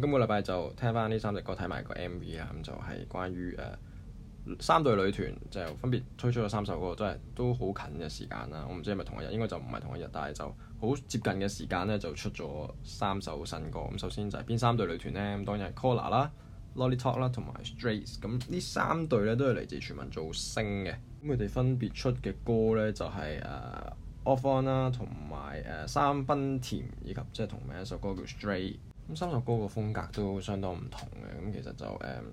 今個禮拜就聽翻呢三隻歌，睇埋個 M.V. 啊，咁就係關於誒、呃、三隊女團，就分別推出咗三首歌，都係都好近嘅時間啦。我唔知係咪同一日，應該就唔係同一日，但係就好接近嘅時間咧，就出咗三首新歌。咁首先就係邊三隊女團咧？咁當然係 COLLAR 啦、Lolly Talk 啦同埋 Strayz。咁呢三隊咧都係嚟自全民造星嘅。咁佢哋分別出嘅歌咧就係、是、誒《uh, Off On》啦，同埋誒《三分甜》，以及即係同名一首歌叫 St《Strayz》。咁三首歌個風格都相當唔同嘅，咁其實就誒、嗯、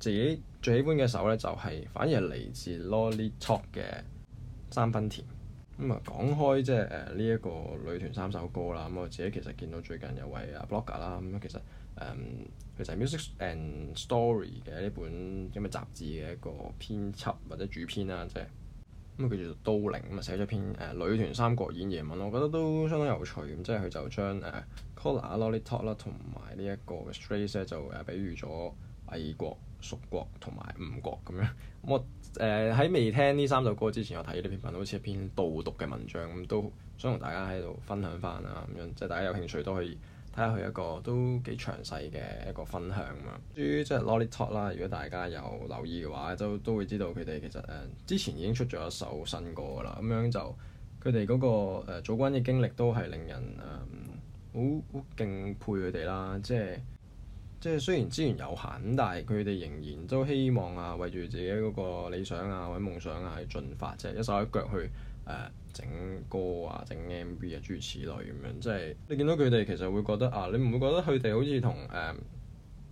自己最喜歡嘅首咧就係、是、反而係嚟自 Lolly Talk 嘅三分甜。咁、嗯、啊講開即係誒呢一個女團三首歌啦，咁、嗯、我自己其實見到最近有位啊 Blogger 啦，咁、嗯、其實誒佢就 Music and Story 嘅呢本咁嘅雜誌嘅一個編輯或者主編啦，即、啊、係。嗯咁佢叫做刀靈，咁啊，寫咗篇誒、呃、女團《三國演義》文，我覺得都相當有趣。咁即係佢就將誒 Koala、Lollipop、呃、啦，同埋呢一個 Strays 咧，就誒、呃、比喻咗魏國、蜀國同埋吳國咁樣。咁、嗯、我誒喺、呃、未聽呢三首歌之前，我睇呢篇文好似一篇導讀嘅文章，咁、嗯、都想同大家喺度分享返啊咁樣，即係大家有興趣都可以。睇下佢一個都幾詳細嘅一個分享咁樣，至於即係 Lolly Talk 啦，如果大家有留意嘅話，都都會知道佢哋其實誒之前已經出咗一首新歌噶啦，咁樣就佢哋嗰個誒組軍嘅經歷都係令人誒好、呃、敬佩佢哋啦，即係即係雖然資源有限，但係佢哋仍然都希望啊，為住自己嗰個理想啊或者夢想啊去進發，即係一手一腳去。誒整、呃、歌啊，整 MV 啊，諸如此類咁樣，即係你見到佢哋其實會覺得啊，你唔會覺得佢哋好似同誒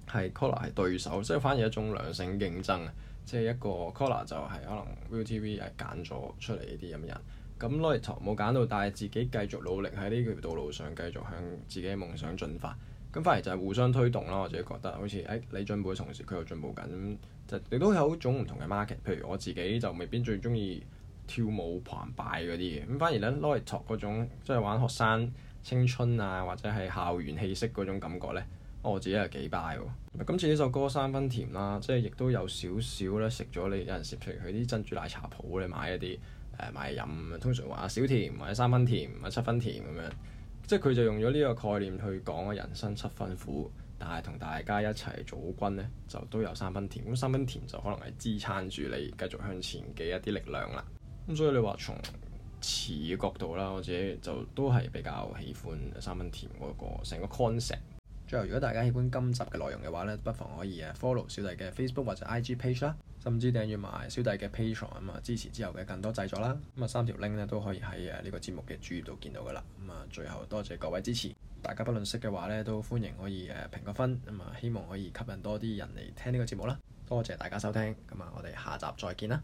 係 Collar 係對手，即係反而一種良性競爭。即係一個 Collar 就係可能 ViuTV 係揀咗出嚟呢啲咁人，咁 Lolly Talk 冇揀到，但係自己繼續努力喺呢條道路上繼續向自己嘅夢想進發。咁反而就係互相推動咯。我自己覺得好似、欸、你進步嘅同時佢又進步緊，就亦、是、都有一種唔同嘅 market。譬如我自己就未必最鍾意。跳舞旁擺嗰啲嘅咁，反而咧《Lolly Talk》嗰 種即係玩學生青春啊，或者係校園氣息嗰種感覺咧，我自己係幾 buy 喎。今次呢首歌《三分甜》啦，即係亦都有少少咧食咗你有陣時，譬如去啲珍珠奶茶鋪，你買一啲誒、呃、買嘢飲啊，通常話小甜或者三分甜或者七分甜咁樣，即係佢就用咗呢個概念去講啊人生七分苦，但係同大家一齊組軍咧就都有三分甜。咁三分甜就可能係支撐住你繼續向前嘅一啲力量啦。咁所以你話從詞嘅角度啦，我自己就都係比較喜歡三分甜嗰個成個 concept。最後，如果大家喜歡今集嘅內容嘅話呢，不妨可以 follow 小弟嘅 Facebook 或者 IG page 啦，甚至訂閱埋小弟嘅 Patreon 咁啊，支持之後嘅更多製作啦。咁啊，三條 link 咧都可以喺誒呢個節目嘅主頁度見到噶啦。咁啊，最後多謝各位支持，大家不論識嘅話呢，都歡迎可以誒評個分，咁啊希望可以吸引多啲人嚟聽呢個節目啦。多謝大家收聽，咁啊我哋下集再見啦。